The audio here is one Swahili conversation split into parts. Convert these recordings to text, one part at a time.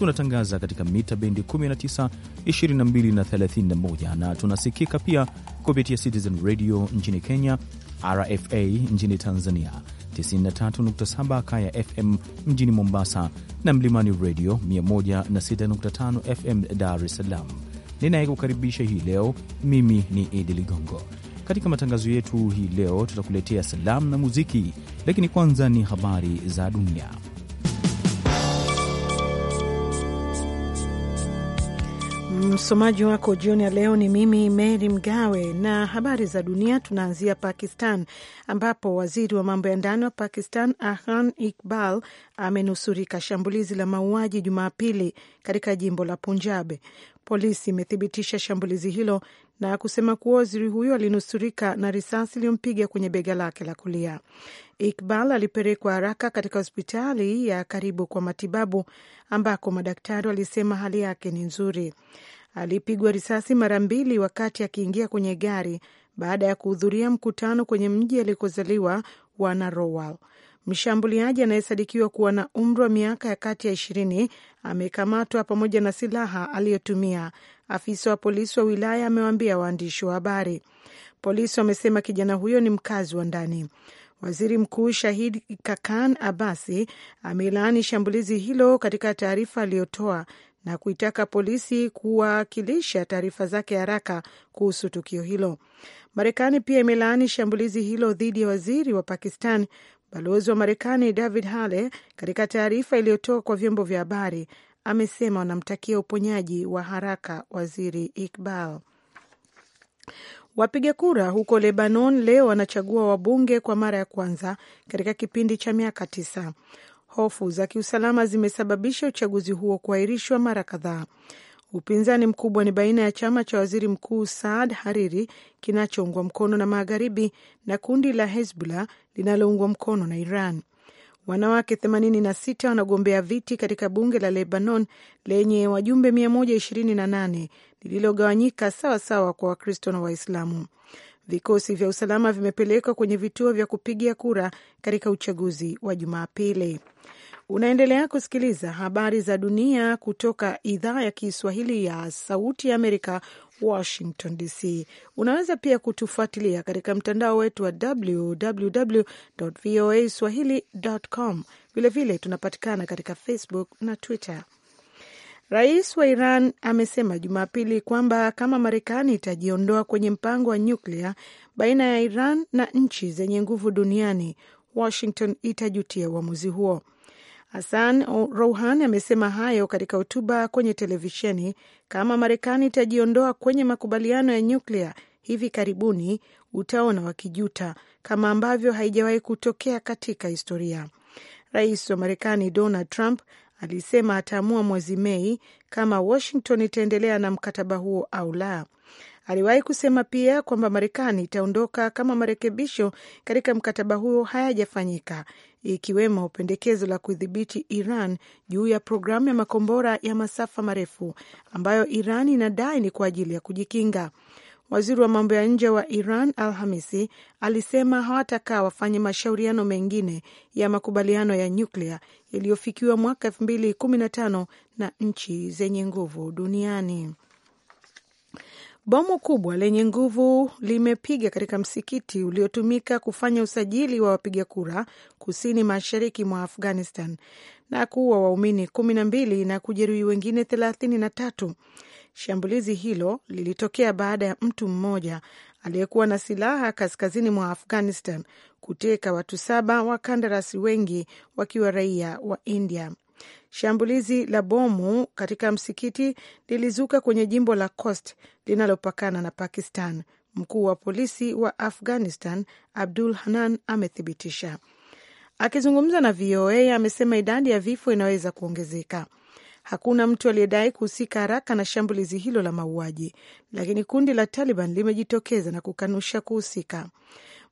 Tunatangaza katika mita bendi 19, 22 na 31 na tunasikika pia kupitia Citizen Radio nchini Kenya, RFA nchini Tanzania, 93.7 Kaya FM mjini Mombasa na Mlimani Radio 106.5 FM Dar es Salaam. Ninayekukaribisha hii leo mimi ni Idi Ligongo. Katika matangazo yetu hii leo tutakuletea salamu na muziki, lakini kwanza ni habari za dunia. Msomaji wako jioni ya leo ni mimi Mary Mgawe, na habari za dunia tunaanzia Pakistan, ambapo waziri wa mambo ya ndani wa Pakistan ahan Iqbal amenusurika shambulizi la mauaji Jumapili katika jimbo la Punjab. Polisi imethibitisha shambulizi hilo na kusema kuwa waziri huyo alinusurika na risasi iliyompiga kwenye bega lake la kulia. Iqbal alipelekwa haraka katika hospitali ya karibu kwa matibabu ambako madaktari walisema hali yake ni nzuri. Alipigwa risasi mara mbili wakati akiingia kwenye gari baada ya kuhudhuria mkutano kwenye mji alikozaliwa wa Narowal. Mshambuliaji anayesadikiwa kuwa na umri wa miaka ya kati ya ishirini amekamatwa pamoja na silaha aliyotumia, afisa wa polisi wa wilaya amewaambia waandishi wa habari. Polisi wamesema kijana huyo ni mkazi wa ndani. Waziri Mkuu Shahid Kakan Abasi amelaani shambulizi hilo katika taarifa aliyotoa na kuitaka polisi kuwakilisha taarifa zake haraka kuhusu tukio hilo. Marekani pia imelaani shambulizi hilo dhidi ya waziri wa Pakistan. Balozi wa Marekani David Hale, katika taarifa iliyotoa kwa vyombo vya habari, amesema wanamtakia uponyaji wa haraka waziri Iqbal. Wapiga kura huko Lebanon leo wanachagua wabunge kwa mara ya kwanza katika kipindi cha miaka tisa. Hofu za kiusalama zimesababisha uchaguzi huo kuahirishwa mara kadhaa. Upinzani mkubwa ni baina ya chama cha waziri mkuu Saad Hariri kinachoungwa mkono na magharibi na kundi la Hezbollah linaloungwa mkono na Iran. Wanawake 86 wanagombea viti katika bunge la Lebanon lenye wajumbe 128 lililogawanyika sawa sawa kwa Wakristo na Waislamu. Vikosi vya usalama vimepelekwa kwenye vituo vya kupigia kura katika uchaguzi wa Jumapili. Unaendelea kusikiliza habari za dunia kutoka idhaa ya Kiswahili ya Sauti ya Amerika, Washington DC. Unaweza pia kutufuatilia katika mtandao wetu wa www voa swahili com. Vilevile tunapatikana katika Facebook na Twitter. Rais wa Iran amesema Jumapili kwamba kama Marekani itajiondoa kwenye mpango wa nyuklia baina ya Iran na nchi zenye nguvu duniani, Washington itajutia uamuzi huo. Hassan Rouhan amesema hayo katika hotuba kwenye televisheni. Kama Marekani itajiondoa kwenye makubaliano ya nyuklia hivi karibuni, utaona wakijuta, kama ambavyo haijawahi kutokea katika historia. Rais wa Marekani Donald Trump alisema ataamua mwezi Mei kama Washington itaendelea na mkataba huo au la. Aliwahi kusema pia kwamba Marekani itaondoka kama marekebisho katika mkataba huo hayajafanyika, ikiwemo pendekezo la kudhibiti Iran juu ya programu ya makombora ya masafa marefu ambayo Iran inadai ni kwa ajili ya kujikinga. Waziri wa mambo ya nje wa Iran Alhamisi alisema hawatakaa wafanye mashauriano mengine ya makubaliano ya nyuklia yaliyofikiwa mwaka elfu mbili kumi na tano na nchi zenye nguvu duniani. Bomu kubwa lenye nguvu limepiga katika msikiti uliotumika kufanya usajili wa wapiga kura kusini mashariki mwa Afghanistan na kuua waumini kumi na mbili na kujeruhi wengine thelathini na tatu Shambulizi hilo lilitokea baada ya mtu mmoja aliyekuwa na silaha kaskazini mwa Afghanistan kuteka watu saba, kandarasi, wengi wakiwa raia wa India. Shambulizi la bomu katika msikiti lilizuka kwenye jimbo la Coast linalopakana na Pakistan. Mkuu wa polisi wa Afghanistan Abdul Hanan amethibitisha. Akizungumza na VOA amesema idadi ya vifo inaweza kuongezeka. Hakuna mtu aliyedai kuhusika haraka na shambulizi hilo la mauaji, lakini kundi la Taliban limejitokeza na kukanusha kuhusika.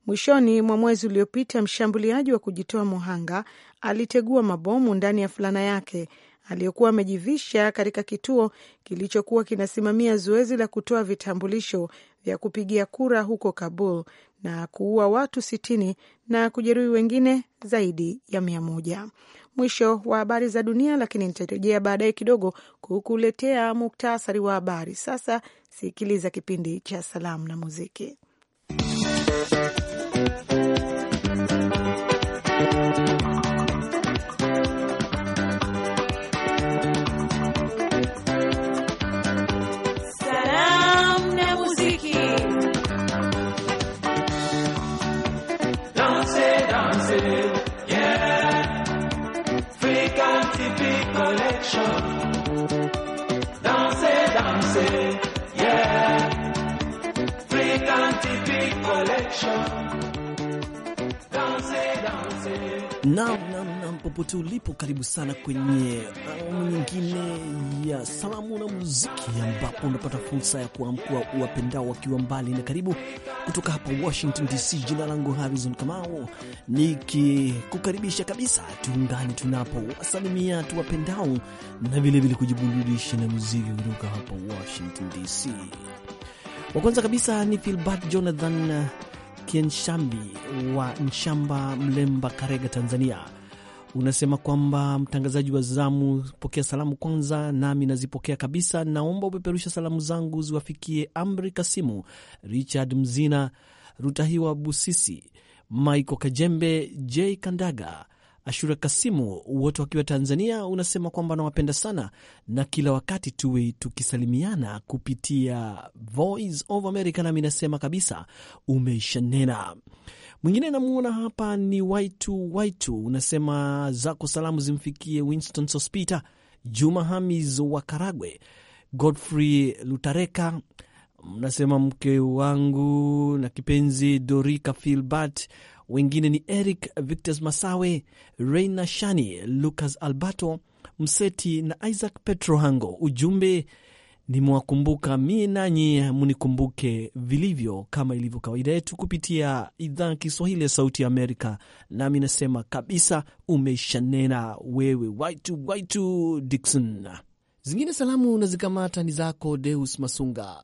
Mwishoni mwa mwezi uliopita, mshambuliaji wa kujitoa muhanga alitegua mabomu ndani ya fulana yake aliyokuwa amejivisha katika kituo kilichokuwa kinasimamia zoezi la kutoa vitambulisho vya kupigia kura huko Kabul na kuua watu sitini na kujeruhi wengine zaidi ya mia moja. Mwisho wa habari za dunia, lakini nitarejea baadaye kidogo kukuletea muktasari wa habari. Sasa sikiliza kipindi cha salamu na muziki. popote ulipo, karibu sana kwenye awamu uh, nyingine ya salamu na muziki, ambapo unapata fursa ya kuamkua uwapendao wakiwa mbali na karibu, kutoka hapa Washington DC. Jina langu Harrison Kamau, nikikukaribisha kabisa, tuungane tunapo wasalimia tuwapendao na vilevile kujiburudisha na muziki kutoka hapa Washington DC. Wa kwanza kabisa ni Filbert Jonathan Kienshambi wa Nshamba, Mlemba, Karega, Tanzania unasema kwamba mtangazaji wa zamu, pokea salamu kwanza, nami nazipokea kabisa. Naomba upeperusha salamu zangu ziwafikie Amri Kasimu, Richard Mzina, Rutahiwa Busisi, Maiko Kajembe, J Kandaga, Ashura Kasimu, wote wakiwa Tanzania. Unasema kwamba nawapenda sana na kila wakati tuwe tukisalimiana kupitia Voice of America, nami nasema kabisa, umeisha nena. Mwingine namuona hapa ni Waitu Waitu, unasema zako salamu zimfikie Winston Sospita, Juma Hamis wa Karagwe, Godfrey Lutareka, nasema mke wangu na kipenzi Dorika Filbert. Wengine ni Eric Victos Masawe, Reina Shani, Lucas Alberto Mseti na Isaac Petro Hango. Ujumbe nimewakumbuka mie nanyi munikumbuke vilivyo, kama ilivyo kawaida yetu kupitia idhaa Kiswahili ya Sauti ya Amerika. Nami nasema kabisa, umeshanena wewe, waitu waitu Dikson. Zingine salamu na zikamata ni zako Deus Masunga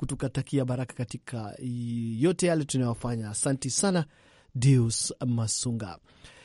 kutukatakia baraka katika yote yale tunayofanya. Asanti sana Deus Masunga.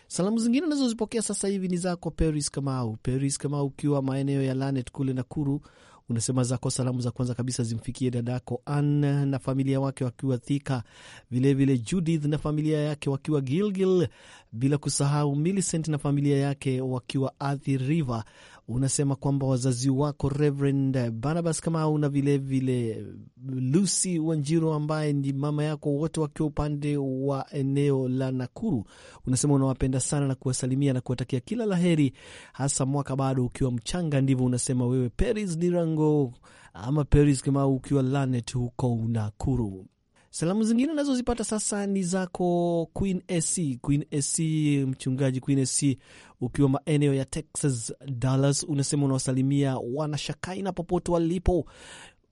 Salamu zingine unazozipokea sasa hivi ni zako Peris Kamau. Peris Kamau, ukiwa maeneo ya Lanet kule Nakuru, unasema zako salamu za kwanza kabisa zimfikie dadako Ann na familia wake wakiwa Thika, vilevile Judith na familia yake wakiwa Gilgil, bila kusahau Millicent na familia yake wakiwa Athi River unasema kwamba wazazi wako Reverend Barnabas Kamau na vilevile Lucy Wanjiru ambaye ni mama yako, wote wakiwa upande wa eneo la Nakuru. Unasema unawapenda sana na kuwasalimia na kuwatakia kila laheri, hasa mwaka bado ukiwa mchanga. Ndivyo unasema wewe, Peris Dirango ama Peris Kamau, ukiwa Lanet huko Nakuru. Salamu zingine nazozipata sasa ni zako Queen AC, Queen AC, mchungaji Queen AC, ukiwa maeneo ya Texas, Dallas, unasema unawasalimia wanashakaina popote walipo,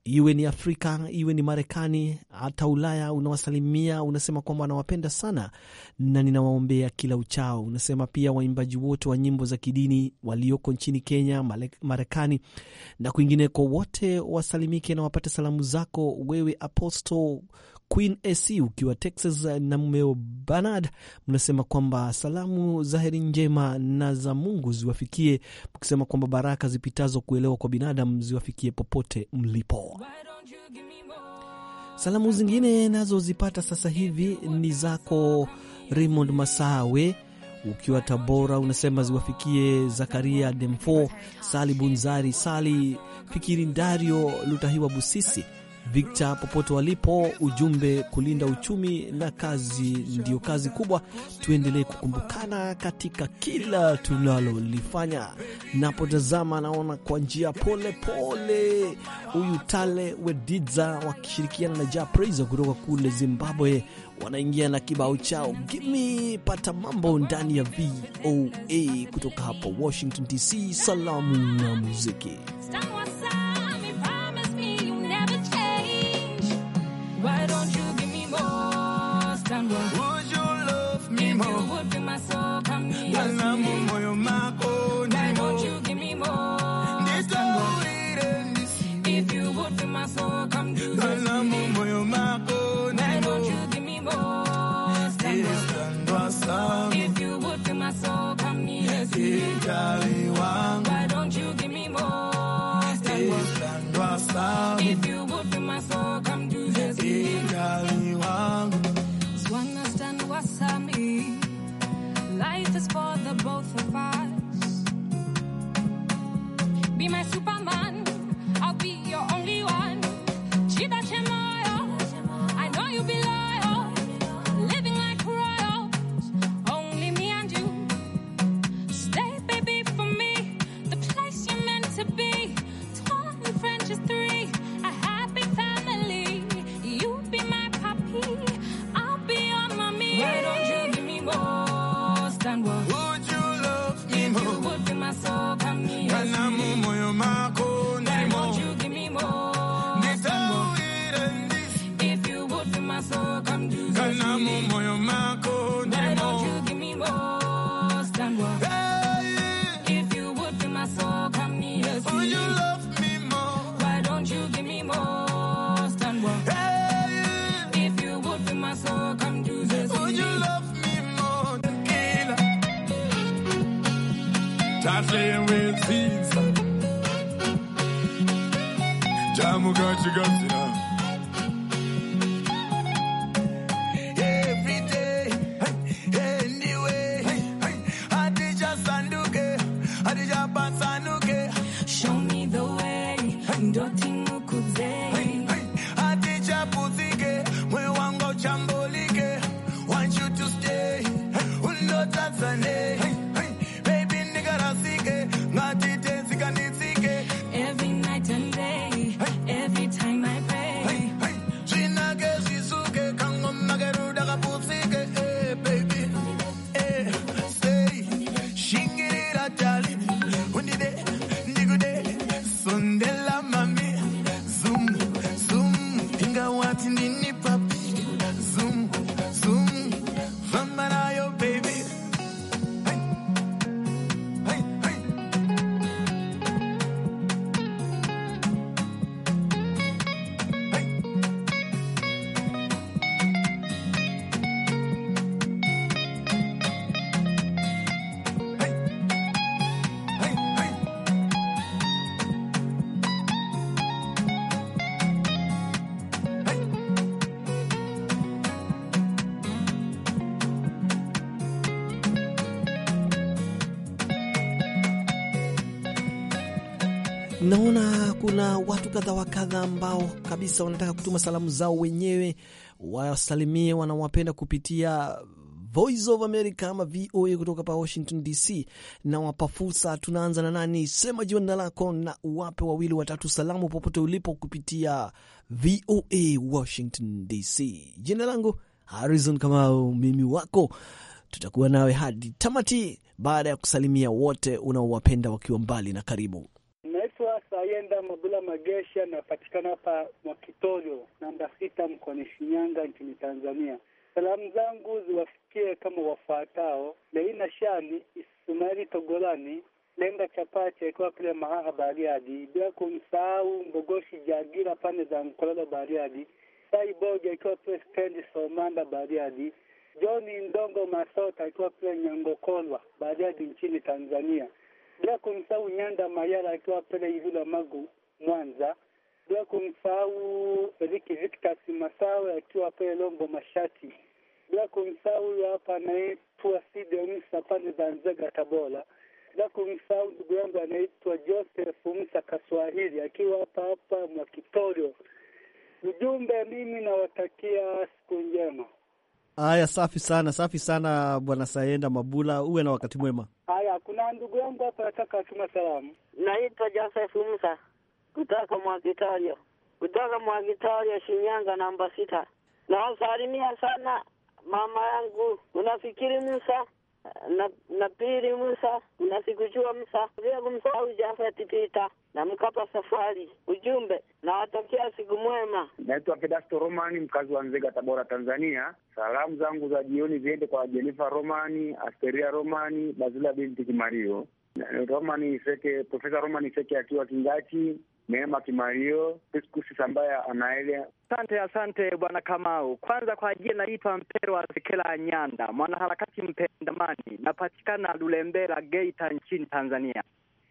iwe ni Afrika, iwe ni Marekani, hata Ulaya, unawasalimia unasema kwamba anawapenda sana na ninawaombea kila uchao. Unasema pia waimbaji wote wa nyimbo za kidini walioko nchini Kenya, Marekani na kwingineko, wote wasalimike na wapate salamu zako wewe Apostle Queen AC ukiwa Texas na mmeo Bernard, mnasema kwamba salamu za heri njema na za Mungu ziwafikie, mkisema kwamba baraka zipitazo kuelewa kwa binadamu ziwafikie popote mlipo. Salamu zingine nazozipata sasa hivi ni zako Raymond Masawe ukiwa Tabora, unasema ziwafikie Zakaria Demfo, Sali Bunzari, Sali Fikiri, Dario Lutahiwa Busisi Victor popote walipo, ujumbe kulinda uchumi na kazi ndiyo kazi kubwa. Tuendelee kukumbukana katika kila tunalolifanya. Napotazama naona kwa njia pole pole, huyu Tale Wedidza wakishirikiana na Ja kutoka kule Zimbabwe wanaingia na kibao chao gimi pata mambo ndani ya VOA kutoka hapa Washington DC. Salamu na muziki Star the both of us. Be my Superman. with wenzisa jamu gachi gachi kuna watu kadha wa kadha ambao kabisa wanataka kutuma salamu zao wenyewe wasalimie wanawapenda kupitia Voice of America ama VOA kutoka pa Washington DC, na fursa. Tunaanza na nani? Sema jina lako na uwape wawili watatu salamu popote ulipo kupitia VOA Washington DC. Jina langu Harrison Kamau, mimi wako, tutakuwa nawe hadi tamati, baada ya kusalimia wote unaowapenda wakiwa mbali na karibu. Nilienda Mabula Magesha, napatikana hapa Mwakitorio namba sita, mkoani Shinyanga nchini Tanzania. Salamu zangu ziwafikie kama wafuatao: Leina shani Ismaili Togolani, Lenga Chapache akiwa pale Mahaha Bariadi, bila kumsahau Mbogoshi Jagira pande za Mkololo Bariadi, Sai akiwa pale stendi Somanda Bariadi, Johni Ndongo Masota akiwa pale Nyangokolwa Bariadi nchini Tanzania. Bila kumsahau Nyanda Mayara akiwa pale Ivula Magu Mwanza, bila kumsahau Riki Victor masawe akiwa pale Lombo Mashati, bila kumsahau huyo hapa anaitwa Sidi pande za nzega Tabora, bila kumsahau ndugu yangu anaitwa Joseph msa Kaswahili akiwa hapa hapa Mwakitorio. Ujumbe, mimi nawatakia siku njema. Haya, safi sana, safi sana Bwana Sayenda Mabula, uwe na wakati mwema. Haya, kuna ndugu yangu hapa nataka atuma salamu. Naitwa Joseph Musa kutoka Mwakitorio, kutoka Mwakitorio, Shinyanga, namba sita. Nawasalimia sana mama yangu unafikiri Musa na, na pili Musa sikujua Musa vile kumsahau Jafeti Pita na Mkapa Safari. Ujumbe nawatakia siku mwema. Naitwa Pedasto Romani, mkazi wa Nzega, Tabora, Tanzania. Salamu zangu za jioni ziende kwa Jenifa Romani, Asteria Romani, Bazila binti Kimario, Romani Seke, Profesa Romani Seke akiwa Kingati, Neema Kimario Priscus Sambaya anaelea. Asante, asante bwana Kamau. Kwanza kwa ajili, naitwa wa Sekela Nyanda, mwanaharakati mpendamani, napatikana Lulembela, Geita nchini Tanzania.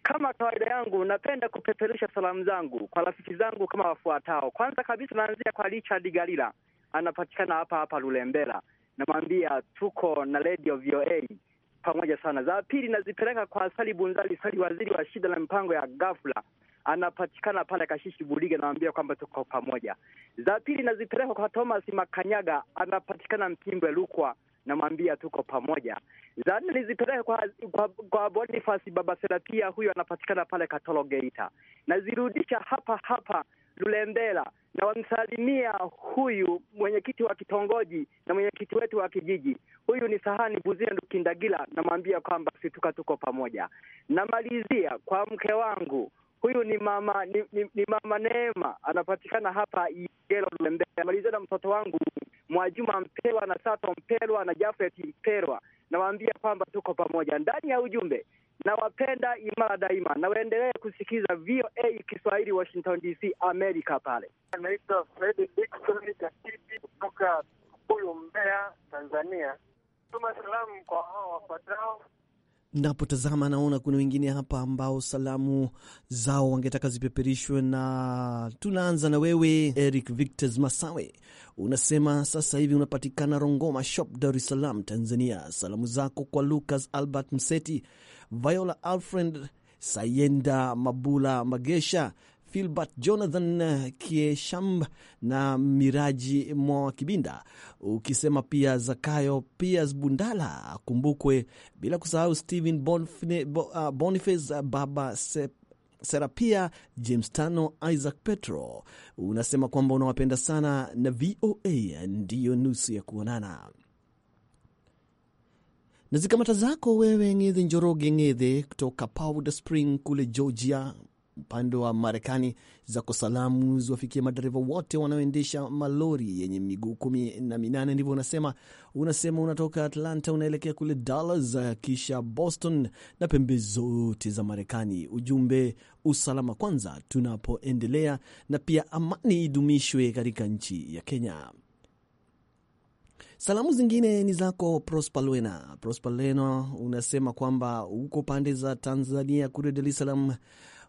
Kama kawaida yangu, napenda kupeperusha salamu zangu kwa rafiki zangu kama wafuatao. Kwanza kabisa, naanzia kwa Richard Galila, anapatikana hapa hapa Lulembela, namwambia tuko na Radio VOA pamoja sana. Za pili nazipeleka kwa Sali Bunzali Sali, waziri wa shida na mipango ya ghafla anapatikana pale Kashishi Bulige, namwambia kwamba tuko pamoja. Za pili nazipeleka kwa Thomas Makanyaga, anapatikana Mpimbwe Rukwa, namwambia tuko pamoja. Za nne nizipeleke kwa, kwa, kwa Bonifasi Baba Serapia, huyo anapatikana pale Katoro Geita. Nazirudisha hapa hapa Lulembela na wamsalimia huyu mwenyekiti wa kitongoji na mwenyekiti wetu wa kijiji. Huyu ni Sahani Buzia Ndukindagila, namwambia kwamba situka, tuko pamoja. Namalizia kwa mke wangu Huyu ni mama ni, ni, ni mama Neema, anapatikana hapa Igelo Lembea. Maliza na mtoto wangu Mwajuma Mpelwa na Sato Mpelwa na Jafet Mpelwa, nawaambia kwamba tuko pamoja ndani ya ujumbe. Nawapenda imara daima, na waendelee kusikiza VOA Kiswahili, Washington DC, Amerika. Pale anaitwa Fredi Dickson Katiti kutoka Mbeya, Tanzania. Tuma salamu kwa hao wafuatao napotazama naona kuna wengine hapa ambao salamu zao wangetaka zipeperishwe, na tunaanza na wewe Eric Victos Masawe. Unasema sasa hivi unapatikana Rongoma Shop, Dar es Salaam, Tanzania. Salamu zako kwa Lucas Albert Mseti, Viola Alfred Sayenda Mabula Magesha Filbert Jonathan Kieshamb na Miraji Mwa Kibinda, ukisema pia Zakayo Pias Bundala akumbukwe, bila kusahau Stephen uh, Boniface, Baba Sep Serapia James Tano, Isaac Petro. Unasema kwamba unawapenda sana na VOA ndiyo nusu ya kuonana na zikamata zako wewe Ngedhe Njoroge Ngedhe kutoka Powder Spring kule Georgia, upande wa Marekani zako salamu ziwafikie madereva wote wanaoendesha malori yenye miguu kumi na minane, ndivyo unasema. Unasema unatoka Atlanta unaelekea kule Dallas, kisha Boston na pembe zote za Marekani. Ujumbe usalama kwanza tunapoendelea, na pia amani idumishwe katika nchi ya Kenya. Salamu zingine ni zako Prosper Lwena. unasema kwamba huko pande za Tanzania kule Dar es Salaam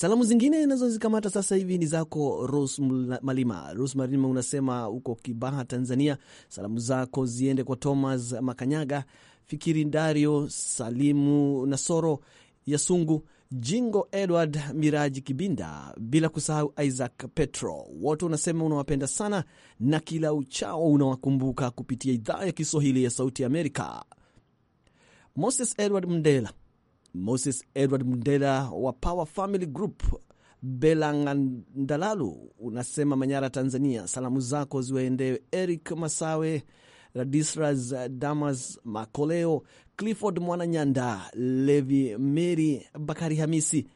Salamu zingine nazozikamata sasa hivi ni zako Ros Malima. Ros Malima unasema uko Kibaha, Tanzania. Salamu zako ziende kwa Thomas Makanyaga, Fikiri Ndario, Salimu Nasoro, Yasungu Jingo, Edward Miraji Kibinda, bila kusahau Isaac Petro. Wote unasema unawapenda sana na kila uchao unawakumbuka kupitia idhaa ya Kiswahili ya Sauti Amerika. Moses Edward Mndela Moses Edward Mndela wa Power Family Group Belangandalalu unasema Manyara, Tanzania. Salamu zako ziwaendee Eric Masawe, Radisras Damas Makoleo, Clifford Mwananyanda, Levi Mary Bakari Hamisi,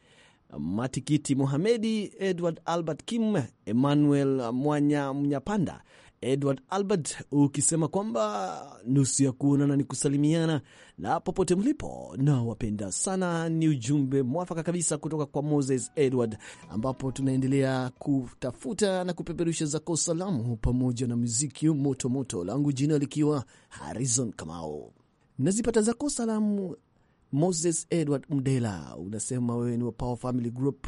Matikiti Mohamedi, Edward Albert Kim, Emmanuel Mwanya Mnyapanda, Edward Albert ukisema kwamba nusu ya kuonana ni kusalimiana na popote mlipo na wapenda sana. Ni ujumbe mwafaka kabisa kutoka kwa Moses Edward, ambapo tunaendelea kutafuta na kupeperusha zako salamu pamoja na muziki moto moto, langu jina likiwa Harrison Kamao. Nazipata zako salamu Moses Edward Mdela, unasema wewe ni wa Power Family Group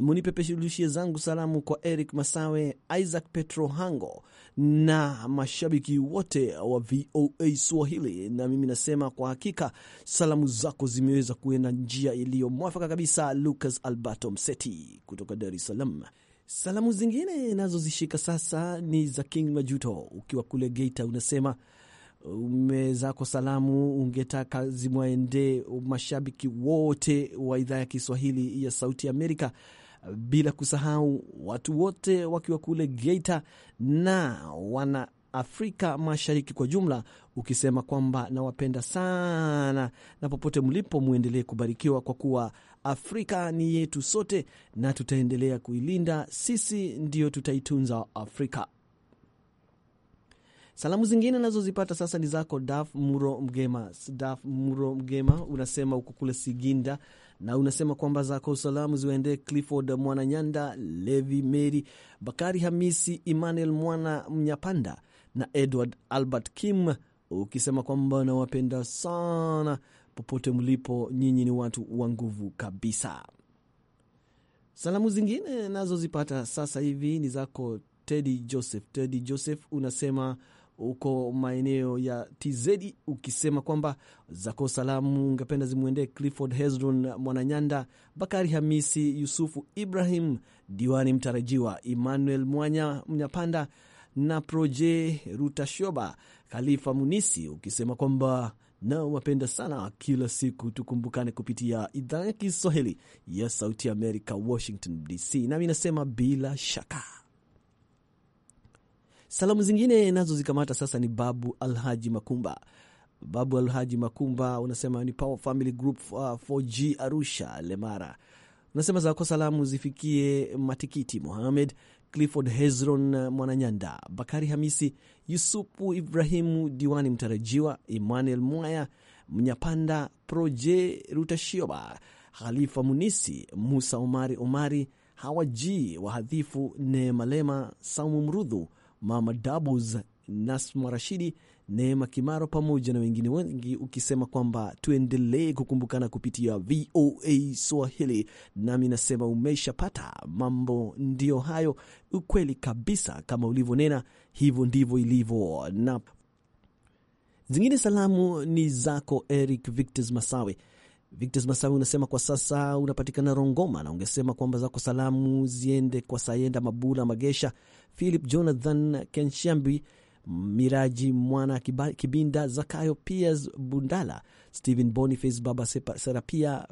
munipepeshurushie zangu salamu kwa Eric Masawe, Isaac Petro Hango na mashabiki wote wa VOA Swahili. Na mimi nasema kwa hakika salamu zako zimeweza kuenda njia iliyomwafaka kabisa. Lucas Alberto Mseti kutoka Dar es Salaam. Salamu zingine nazozishika sasa ni za King Majuto, ukiwa kule Geita, unasema umezako salamu ungetaka zimwaende mashabiki wote wa idhaa ya Kiswahili ya Sauti Amerika, bila kusahau watu wote wakiwa kule Geita na wana Afrika Mashariki kwa jumla, ukisema kwamba nawapenda sana na popote mlipo mwendelee kubarikiwa, kwa kuwa Afrika ni yetu sote na tutaendelea kuilinda. Sisi ndio tutaitunza Afrika. Salamu zingine nazozipata sasa ni zako Daf Muro Mgema. Daf Muro Mgema unasema uko kule Siginda na unasema kwamba zako salamu ziwaendee Clifford Mwananyanda, Levi Meri, Bakari Hamisi, Emmanuel Mwana Mnyapanda na Edward Albert Kim, ukisema kwamba nawapenda sana popote mlipo, nyinyi ni watu wa nguvu kabisa. Salamu zingine nazozipata sasa hivi ni zako Tedi Joseph. Tedi Joseph unasema huko maeneo ya TZ ukisema kwamba zako salamu ungependa zimwendee Clifford Hezron Mwananyanda, Bakari Hamisi, Yusufu Ibrahim, diwani mtarajiwa Emmanuel Mwanya Mnyapanda na Proje Rutashoba, Khalifa Munisi, ukisema kwamba nao wapenda sana kila siku tukumbukane kupitia idhaa ya Kiswahili ya Sauti ya Amerika, Washington DC. Nami nasema bila shaka Salamu zingine nazo zikamata sasa ni Babu Alhaji Makumba. Babu Alhaji Makumba unasema ni Power Family Group 4G uh, Arusha Lemara. Unasema zako salamu zifikie Matikiti Mohamed, Clifford Hezron uh, Mwananyanda, Bakari Hamisi, Yusupu Ibrahimu Diwani mtarajiwa, Emmanuel Mwaya Mnyapanda, Proje Rutashioba, Khalifa Munisi, Musa Omari Omari, Hawaji Wahadhifu, Neemalema, Saumu Mrudhu, Mama Doubles, Nasma Rashidi, Neema Kimaro pamoja na wengine wengi, ukisema kwamba tuendelee kukumbukana kupitia VOA Swahili. Nami nasema umeshapata mambo, ndiyo hayo. Ukweli kabisa, kama ulivyonena, hivyo ndivyo ilivyo. Na zingine salamu ni zako Eric Victos Masawe Victos Masawi unasema kwa sasa unapatikana Rongoma, na ungesema kwamba zako salamu ziende kwa Sayenda Mabula Magesha, Philip Jonathan Kenshambi, Miraji Mwana Kibinda, Zakayo Piers Bundala, Stephen Boniface, Baba Serapia,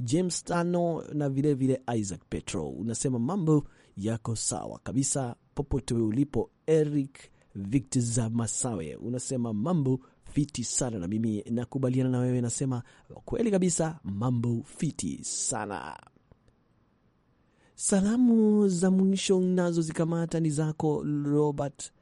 James Tano na vilevile vile Isaac Petro. Unasema mambo yako sawa kabisa popote ulipo. Eric Victor Masawe unasema mambo fiti sana, na mimi nakubaliana na wewe, nasema kweli kabisa, mambo fiti sana. Salamu za mwisho nazo zikamata ni zako Robert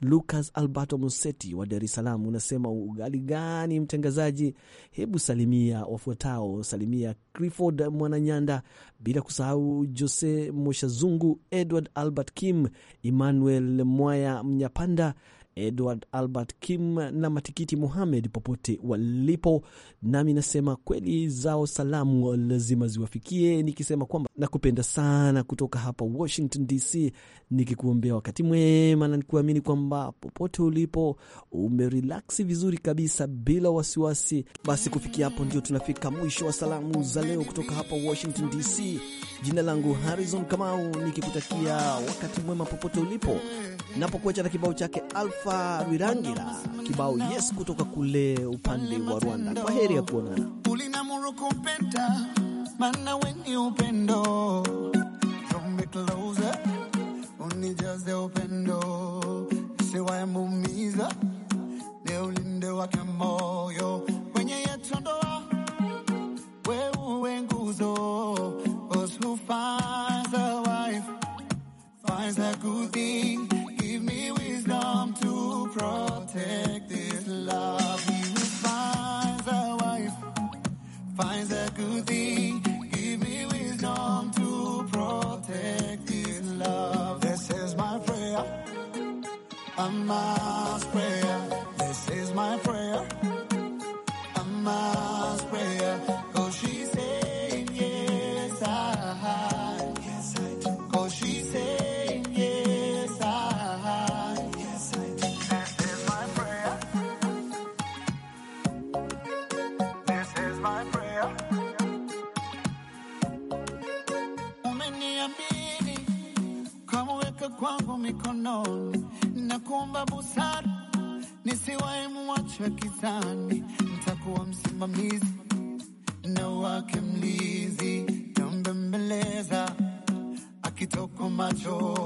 Lucas Alberto Museti wa Dar es Salaam, unasema ugali gani mtangazaji? Hebu salimia wafuatao, salimia Clifford Mwananyanda, bila kusahau Jose Moshazungu, Edward Albert Kim, Emmanuel Mwaya Mnyapanda Edward Albert Kim na Matikiti Muhamed popote walipo, nami nasema kweli zao salamu lazima ziwafikie, nikisema kwamba na kupenda sana kutoka hapa Washington DC, nikikuombea wakati mwema na nikuamini kwamba popote ulipo umerilaksi vizuri kabisa bila wasiwasi. Basi kufikia hapo, ndio tunafika mwisho wa salamu za leo kutoka hapa Washington DC. Jina langu Harrison Kamau, nikikutakia wakati mwema popote ulipo, napokuacha na kibao chake Alfa Rirangira, kibao yes kutoka kule upande wa Rwanda. Kwa heri ya kuonana. maana we ni upendo kwangu mikononi, nakuomba busara nisiwae muwachwe kizani, ntakuwa msimamizi na wake mlizi, nambembeleza akitoko macho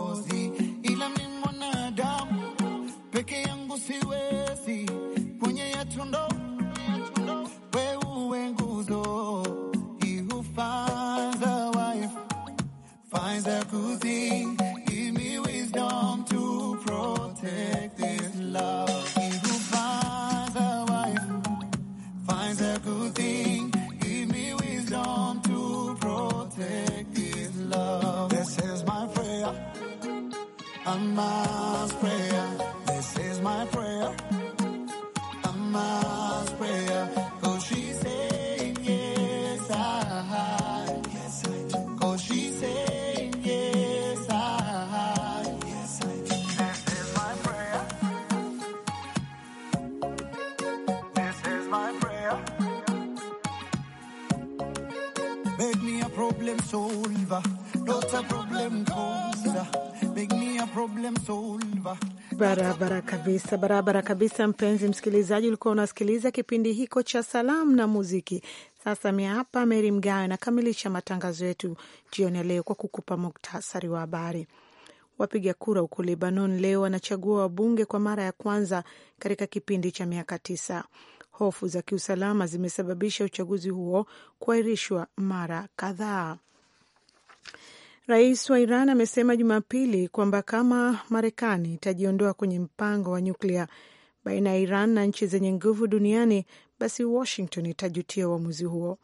love. kabisa, barabara kabisa. Mpenzi msikilizaji, ulikuwa unasikiliza kipindi hiko cha salamu na muziki. Sasa mia hapa Meri Mgawe nakamilisha matangazo yetu jioni ya leo kwa kukupa muktasari wa habari. Wapiga kura huko Lebanon leo wanachagua wabunge kwa mara ya kwanza katika kipindi cha miaka tisa. Hofu za kiusalama zimesababisha uchaguzi huo kuahirishwa mara kadhaa. Rais wa Iran amesema Jumapili kwamba kama Marekani itajiondoa kwenye mpango wa nyuklia baina ya Iran na nchi zenye nguvu duniani, basi Washington itajutia uamuzi huo.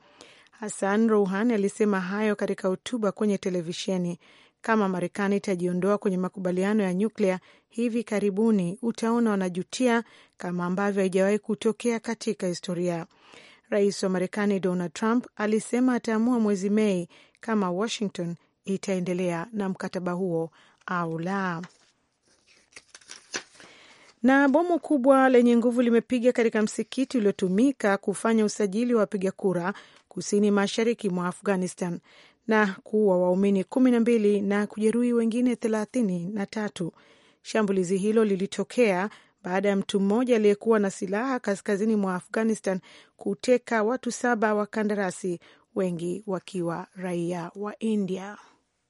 Hassan Rouhani alisema hayo katika hotuba kwenye televisheni. Kama Marekani itajiondoa kwenye makubaliano ya nyuklia hivi karibuni, utaona wanajutia, kama ambavyo haijawahi kutokea katika historia. Rais wa Marekani Donald Trump alisema ataamua mwezi Mei kama Washington itaendelea na mkataba huo au la. Na bomu kubwa lenye nguvu limepiga katika msikiti uliotumika kufanya usajili wa wapiga kura kusini mashariki mwa Afghanistan na kuua waumini kumi na mbili na kujeruhi wengine thelathini na tatu. Shambulizi hilo lilitokea baada ya mtu mmoja aliyekuwa na silaha kaskazini mwa Afghanistan kuteka watu saba wa kandarasi, wengi wakiwa raia wa India.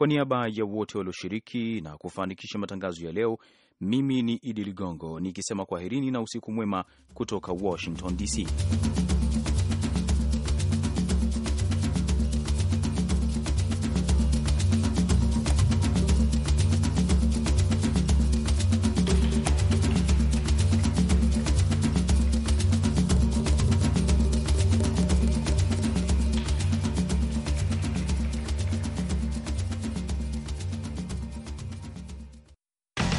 Kwa niaba ya wote walioshiriki na kufanikisha matangazo ya leo, mimi ni Idi Ligongo nikisema kwaherini na usiku mwema kutoka Washington DC.